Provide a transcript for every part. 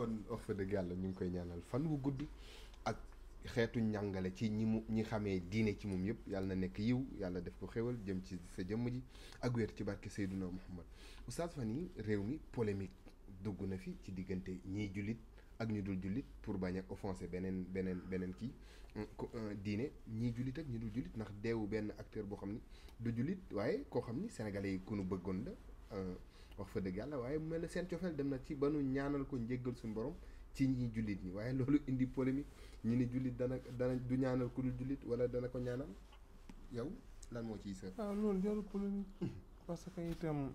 kon wax fa dëgg yàlla ñu ngi koy ñaanal fan wu gudd ak xeetu njàngale ci ñi mu ñi xamee diine ci moom yëpp yàlla na nekk yiw yàlla def ko xéwal jëm ci sa jëmm ji ak wér ci barke Seydina Muhammad oustaz fan yi réew mi polémique dugg na fi ci diggante ñiy jullit ak ñu dul jullit pour bañ a offensé beneen beneen beneen kii euh, euh, diine ñii jullit ñu dul jullit ndax deewu benn acteur boo xam ni du jullit waaye koo xam ni sénégalais yi ku bëggoon la euh, wax fa dëgg yàlla waaye mu mel na seen cofeel dem na ci ba nu ñaanal ko njéggal suñu borom ci ñi jullit ñi waaye loolu indi polémique ñi ni jullit dana dana du ñaanal ku dul jullit wala dana ko ñaanal yow lan moo ci sër waaw ah, loolu jarul polémique parce que itam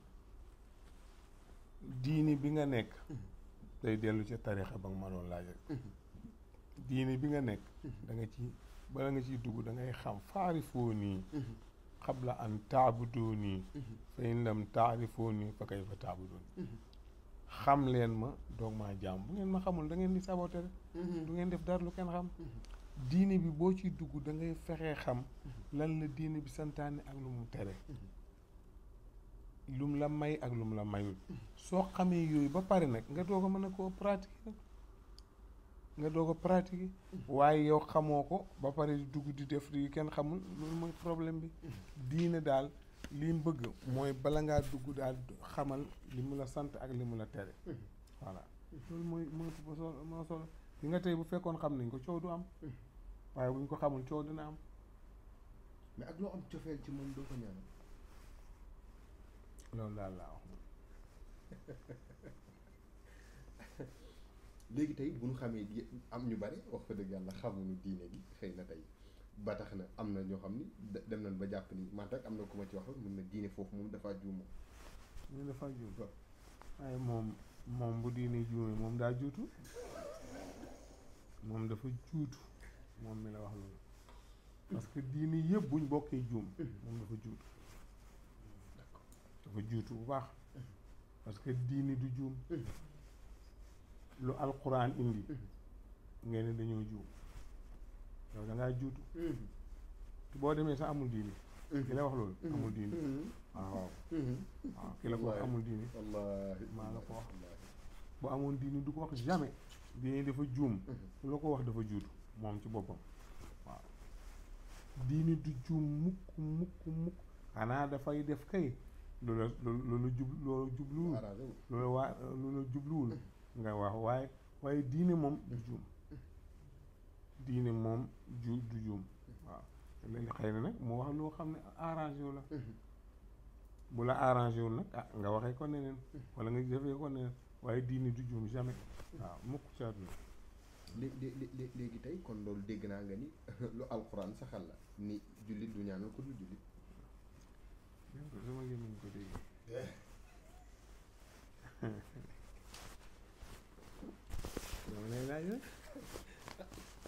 diini bi nga nekk day dellu ca tarixa ba bi nga nekk mm-hmm. nga ci bala nga ciy dugg dangay ngay xam faari foo nii mm-hmm. la qabla an taabudooni mhm. fa in lam taarifooni fa kay fa taabudooni mhm. xam leen ma doog maa jaam bu ngeen ma xamul dangeen di saboté rek mhm. du ngeen def dara lu kenn xam diine bi boo ciy dugg da ngay fexee xam lan la diine bi santaane ak lu mu tere lum la may ak lu mu la mayul soo xamee yooyu ba pare nag nga doog ko mën a koo pratiquer nag nga doo ko pratiquer waaye yow xamoo ko ba pare di dugg di def yu kenn xamul loolu mooy problème bi diine daal li mu bëgg mooy bala ngaa dugg daal xamal li mu la sant ak li mu la tere voilà loolu mooy mooy moo solo li nga tey bu fekkoon xam nañ ko coow du am waaye bu ñu ko xamul coow dina am mais ak loo am cofeel ci moom doo ko ñaanal loolu daal laa wax léegi tey bu ñu xamee am ñu bare wax fa dëgg yàlla xamuñu diine gi xëy na tey ba tax na am na ñoo xam ni dem nañ ba jàpp ni man rek am na ko ma ci wax mun na diine foofu moom dafa juum moom. moom dafa moom moom bu moom daa juutu moom dafa juutu moom mi la wax loolu parce que diine yëpp buñ bokkee juum moom dafa juutu dafa juutu bu baax parce diine du juum. Mm-hmm. lu alquran indi mm-hmm. ngeen ne dañoo juum yow da ngaa juutu mm-hmm. boo demee sa amul diini mm-hmm. ki la wax loolu amul diini waaw ki la ko amul diini maa la ko wax bu amoon diini du ko wax jamais diini dafa juum la ko wax dafa juutu moom ci boppam waaw diini du juum mukk mukk mukk xanaa dafay def kay loola loola jub loola jubluwul loola waa loola jubluwul nga wax waaye waaye diine moom du juum diine moom ju du juum waaw léegi xëy na nag moo wax loo xam ne arrangé wu la bu la arrangé nag ah nga waxee ko neneen wala nga defee ko neneen waaye diine du juum jamais waaw mukk ci àdduna léegi tey kon loolu dégg naa nga ni lu alxuraan saxal la ni jullit du ñaanal ko dul jullit ko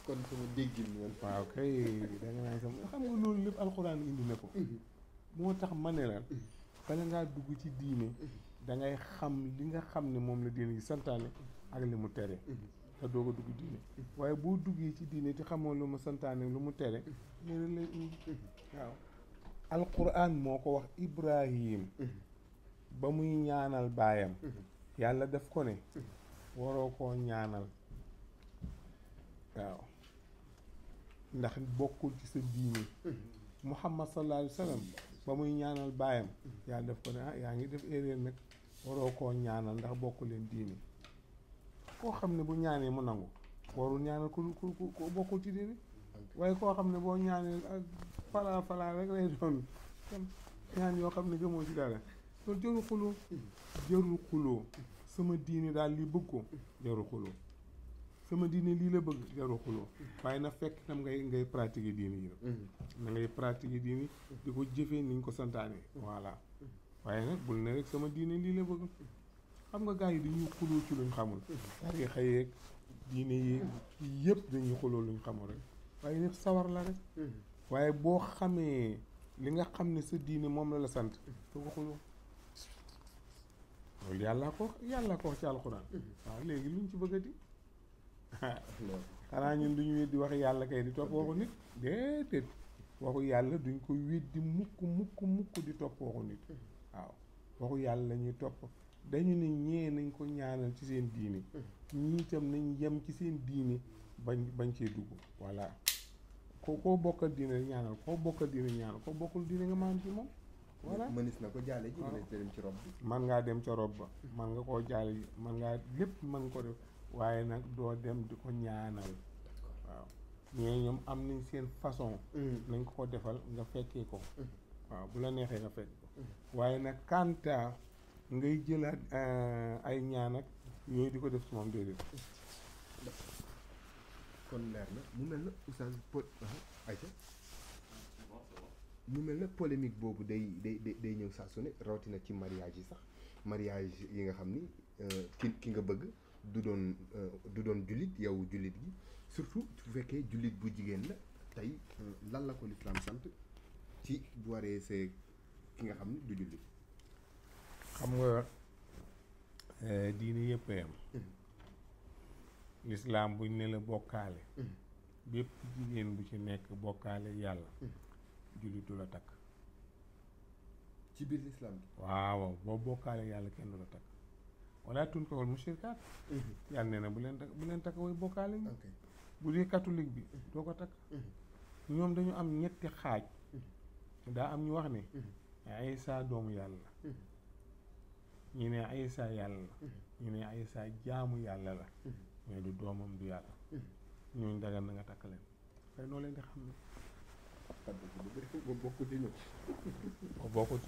kon sama déggin man. waaw nga xam nga loolu lépp alxuraan indi na ko. Mhm. moo tax ma ne la. Mhm. bala ngaa dugg ci diine. Mhm. dangay xam li nga xam ne moom la diine gi santaane ak li mu tere. te doo ko dugg diine. waaye boo duggee ci diine te xamoo lu ma santaane lu mu tere. loolu alxuraan moo ko wax Ibrahim. ba muy ñaanal baayam. yàlla def ko ne. waroo koo ñaanal. waaw ndax bokkul ci sa diine mm-hmm. muhammad sallallahu alayhi wa sallam ba muy ñaanal baayam yàlla def ko ne ah yaa ngi def erreur nag waroo koo ñaanal ndax bokku leen diine koo xam ne bu ñaanee mu nangu warul ñaanal ku ku ku bokkul ci diine waaye koo xam ne boo ñaanee ak ah, falaa falaa rek lay doon ñaan yoo xam ne gëmoo ci dara loolu jarul xuloo mm-hmm. jarul xuloo sama diine daal li bëgg ko jarul xuloo sama diine lii la bëgg jarul xuloo waaye na fekk tam ngay ngay pratiquer diini yi mm-hmm. na ngay pratiquer diini mm-hmm. di ko jëfee ni ñu ko santaane mm-hmm. voilà waaye nag bul sama diine lii la bëgg xam nga gars yi dañuy xuloo ci luñ xamul tariixa yeeg diine yi yëpp dañuy xuloo luñ xamul rek waaye lépp sawar la rek waaye boo xamee li nga xam ne sa diine moom la la sant soo ko xuloo loolu yàllaa ko yàllaa ko wax ci alxuraan waaw léegi luñ ci bëggati xanaa ñun du ñu di wax yàlla kay di topp waxu nit déedéet waxu yàlla duñ ko weddi mukk mukk mukk di topp waxu nit waaw waxu yàlla la ñuy topp dañu ne ñee nañ ko ñaanal ci seen diini ñii itam nañ yem ci seen diini bañ bañ cee dugg voilà ko koo bokkal diine ñaanal koo bokkal diine ñaanal ko bokkul diine nga maam ci moom voilà mënis na ko jaale ji mënis na dem ci rob bi man ngaa dem ca rob ba man nga koo jaale ji man ngaa lépp man ko def waaye nag doo dem di ko ñaanal waaw ñee ñoom am nañ seen façon mm. nañ ko ko defal nga fekkee ko mm. waaw bu la neexee nga fekk mm. waaye nag kanta ngay jëlaat euh, ay ñaan ak yooyu di ko def si moom kon leer na mu mel na oustaz ah, mel na boobu day day day ñëw saa su rawatina ci mariage yi sax mariage yi nga xam ni euh, ki ki nga bëgg du doon euh, du doon jullit yow jullit gi surtout su fekkee jullit bu jigéen la tey euh, lan la ko lislaam sant ci bu waree see ki nga xam ne du jullit xam nga euh, diine yëpp yam mm-hmm. lislaam buñ ne la bokkaale mm-hmm. bépp jigéen bu ci nekk bokkaale yàlla mm-hmm. jullitu la takk ci biir lislaam bi waaw boo bokkaale yàlla kenn du la takk wala tunkawul mushrikaat mhm. yàlla nee na bu leen takk bu leen takk way bokkaale ñi bu dee katolik bi mhm. doo ko takk mhm. ñoom dañu am ñetti xaaj daa am ñu wax ni Aïssa doomu yàlla ñu ne Aïssa yàlla la ñu ne Aïssa jaamu yàlla la mais du doomam du yàlla ñooñu dagan na nga takk leen tey noo leen di xam ne boo bokkul ci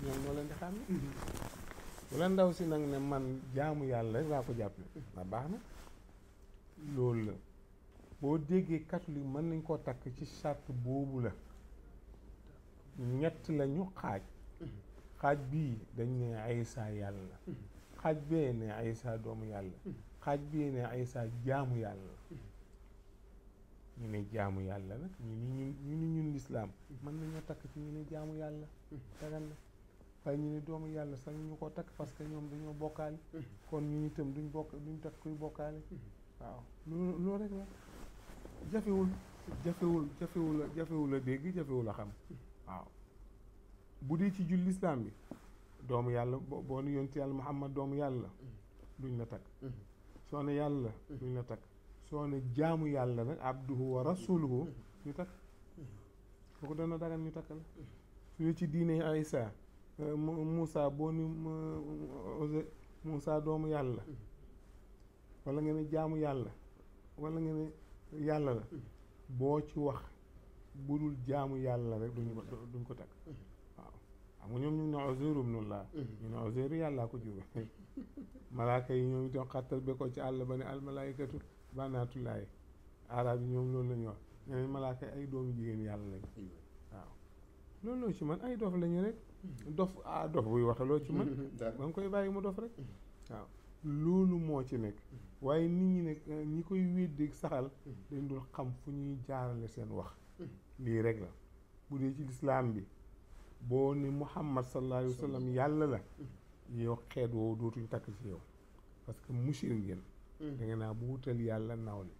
ñoom noo leen di xam ne bu la ndaw si nag ne man jaamu yàlla rek laa ko jàppe ndax baax na loolu la boo déggee catholique mën nañ koo takk ci charte boobu la ñett lañu xaaj xaaj bii dañ ne Aysa yàlla la xaaj bee ne Aysa doomu yàlla xaaj bii ne Aysa jaamu yàlla ñu ne jaamu yàlla nag ñu ni ñun ñu ni lislaam mën nañoo takk ci ñu ne jaamu yàlla dagan waaye ñu ne doomu yàlla sax ñu ko takk parce que ñoom dañoo bokkaale kon ñu itam duñ bokk duñ takk kuy bokkaale waaw loolu loolu rek la jafewul jafewul jafewul a jafewul a dégg jafewul a xam waaw bu dee ci julli islam bi doomu yàlla boo nu yonti yàlla Muhammad doomu yàlla duñ la takk soo ne yàlla duñ la takk soo ne jaamu yàlla nag abduhu wa rasuluhu ñu takk kooku dana dagan ñu takk la su dee ci diine Isa Euh, Moussa boo ni euh, Moussa doomu yàlla la wala nga ne jaamu yàlla wala nga ne yàlla la boo ci wax budul jaamu yàlla rek duñ ko duñ ko takk waaw xam nga ñoom ñu ne Uzayru ibnullah ñu ne Uzayru yàllaa ko jur malaaka yi ñoom itam xattal be ko ci àll ba ne almalaykatu banaatullaahi arab yi ñoom loolu la ñu wax ñeneen malaaka ay doomu jigéen yàlla lañ loo ci man ay dof lañu rek dof ah dof buy waxe loolu ci man ba nga koy bàyyi mu dof rek waaw loolu moo ci nekk waaye nit ñi nag euh, ñi koy weddeeg saxal dañ dul xam fu ñuy jaarale seen wax lii rek la bu dee ci lislaam bi boo ne muhammad sallallahu alayhi wa yàlla la yow xeet woowu dootuñ takk ci yow parce que mushir ngeen hmm. da naa bu wutal yàlla nawle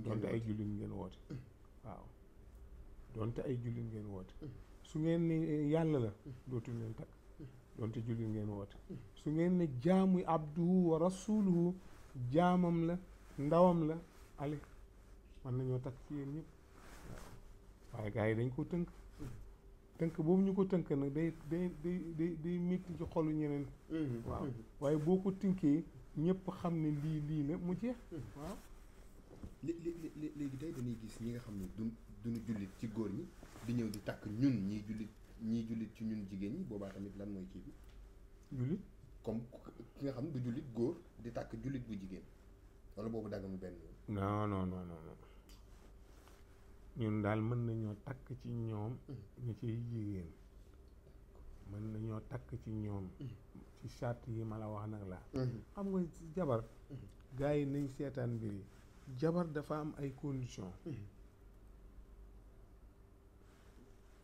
donte ay jullit ngeen woote waaw doonte ay jullit ngeen woote mm. su ngeen ne eh, yàlla la mm. dootuñ leen takk mm. doonte jullit ngeen woote su ngeen ne jaamu abduhu wa rasuluhu jaamam la ndawam la ale mën nañoo takk ci yéen ñëpp waaye gars yi dañ ko tënk tënk boobu ñu ko tënk nag day day day day day métti ci xolu ñeneen waaw waaye boo ko tënkee ñépp xam ne lii lii la mu jeex léegi tey dañuy gis ñi nga xam ne du duñu jullit ci góor ñi di ñëw di takk ñun ñii jullit ñii jullit ci ñun jigéen ñi boobaa tamit lan mooy kii bi. jullit comme ki nga xam ne du jullit góor di takk jullit bu jigéen wala boobu dagg mu benn yoon. non ñun daal mën nañoo takk ci ñoom. Mm. ñu ciy jigéen. mën nañoo takk ci ñoom. Mm. ci charte yi ma la wax nag laa. Mm. xam nga jabar. gars yi nañ seetaan mbir yi. jabar dafa am ay conditions mhm.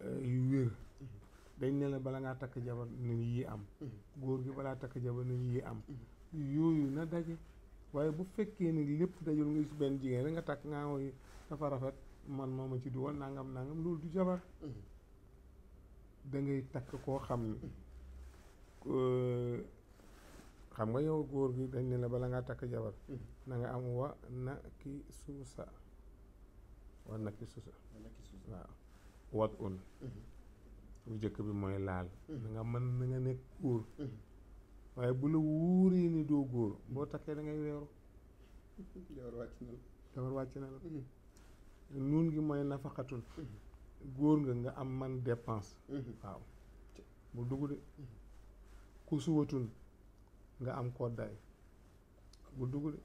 euh, yu wér mhm. dañ ne la bala ngaa takk jabar nañ yi am mhm. góor gi balaa takk jabar nañ yi am yooyu na daje waaye bu fekkee ne lépp dajul nga gis benn jigéen rek nga takk ngaa koy dafa rafet man mooma ci duwal nangam nangam loolu du jabar da ngay takk koo xam ne euh, xam nga yow góor gi dañ ne la bala ngaa takk jabar hmm. na nga am wa na ki suusa wa na ki suusa waaw wat un hmm. bu jëkk bi mooy laal hmm. na nga mën na nga nekk góor waaye bu la wóoree ni doo góor boo takkee da ngay weeru jabar wàcc na wàcc na la nuun gi mooy nafaqatun góor nga nga am man dépense waaw bu dugg de kusuwatun nga am koddaay bul dugg de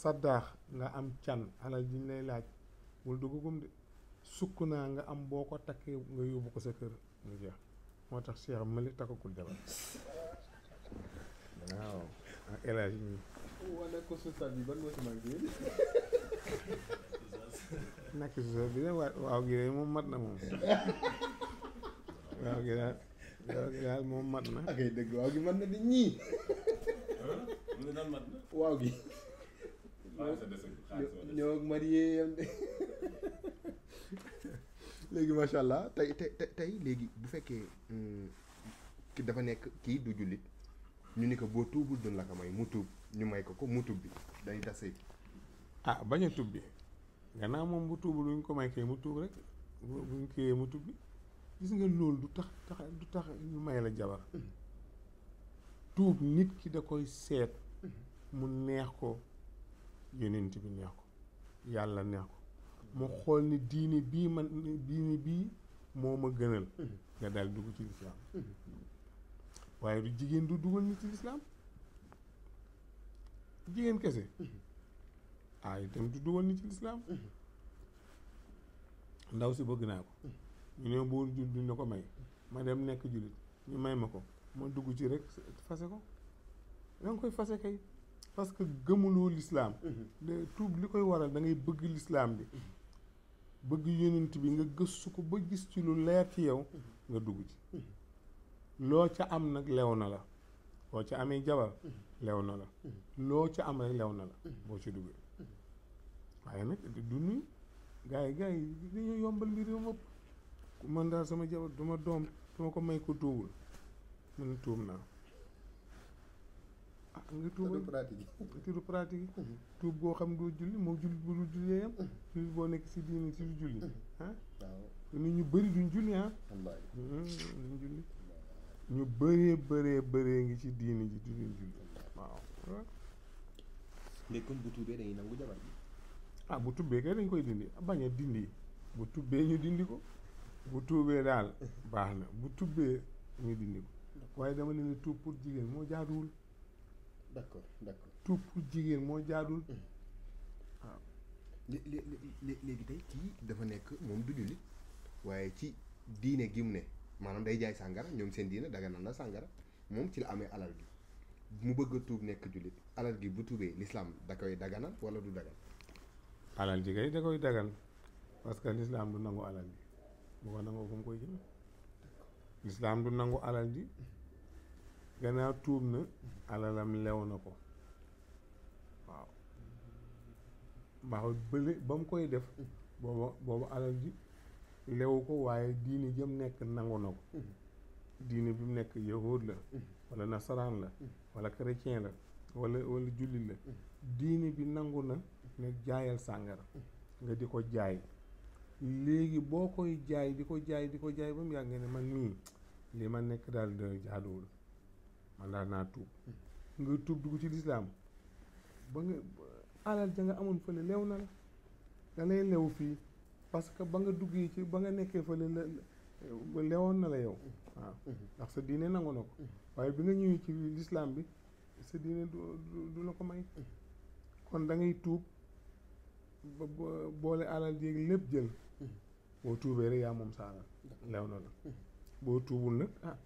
saddaax nga am can alal ji lay laaj wul dugg gum de sukk naa nga am boo ko takkee nga yóbbu ko sa kër moo tax Cheikh Mali takkagul jabar waaw ak ah, El Hadj mi wane ko sultaan bi ban moo waaw gi de moom mat na moom waaw gi daal gaal moom mat na. ak ay dëgg waaw mat na di ñii. mu mat na. waaw gi. ñoo ak marié yam de léegi macha allah tey tey tey léegi bu fekkee hmm, ki dafa nekk kii du jullit ñu ni ko boo tuubul dun la may mu tuub ñu may ko ko mu tuub bi dañuy tas ah bañ a tuub bi gannaaw moom bu tuubul lu ñu ko may kay mu tuub rek bu ñu kiiwee mu tuub bi gis nga loolu du tax tax du tax ñu may la jabar tuub nit ki da koy seet mu neex ko yonent bi neex ko yàlla neex ko mu xool ni diini bii ma diini bii moo ma gënal nga daal dugg ci lislaam waaye du jigéen du dugal nit ci lislaam jigéen kese aay itam du dugal nit ci lislaam ndaw si bëgg naa ko ñu ne buur jul duñ la ko may ma dem nekk jullit ñu may ma ko ma dugg ci rek fase ko danga koy fase kay parce que gëmuloo lislaam mhm. tuub li koy waral da ngay bëgg lislaam bi mhm. bëgg yonent bi nga gëstu ko ba gis ci lu leer ci yow mhm. nga dugg ci loo ca am nag lew na la boo ca amee jabar lew na la loo ca am rek lew na la boo ci duggee waaye nag du nuy gars yi gars yombal mbir yom ëpp man daal sama jabar duma doom duma ko may ko tuubul man tuub naa ah, mhm. tuub boo xam doo julli moo julli bu dul julli yam mhm. julli boo nekk si diini si du julli mhm. ah nit ñu bari duñ julli ah duñ julli ñu bëree bëree bëree ngi ci diini ji duñ julli waaw bu tuubee ah, bu tubbee kay dañ koy dindi bañ a dindi bu tubbee ñu dindi ko bu tuubee daal baax na bu tubbee ñu dindi ko waaye dama ne tuub pour jigéen moo jaaduwul d'accord d'accord tuub jigéen moo jaaduwul waaw hmm. ah. léegi tey kii dafa nekk moom du jullit waaye ci diine gi mu ne maanaam day jaay sàngara ñoom seen diine daganal na sàngara moom ci la amee alal gi mu bëgg a tuub nekk jullit alal gi bu tuubee lislaam da koy daganal wala du dagan alal ji kay da koy dagan parce que lislaam du nangu alal gi bu ko nangoo fu mu koy jëme lislaam du nangu alal ji gannaaw tuub na alalam lew na ko waaw mbaaxul bële ba mu koy def booba booba alal ji lewu ko waaye diine jëm nekk nangu na ko diine bi mu nekk yahuud la wala nasaraan la wala chrétien la wala wala jullit la diine bi nangu na ne jaayal sàngara nga di ko jaay léegi boo koy jaay di ko jaay di ko jaay ba mu yàgg nga ne man mii li ma nekk daal de jaaduwul man daal naa tuub nga tuub dugg ci lislaam ba nga alal ja amoon fële leew na la lew fii parce que ba nga duggee ci ba nga nekkee fële la lewoon na la yow waaw ndax sa diine nangu na ko waaye bi nga ñëwee ci lislaam bi sa diine du la ko may kon da tuub boole alal jéeg lépp jël hmm. boo tuubee rek yaa moom sa alal lew na la hmm. boo tuubul nag ah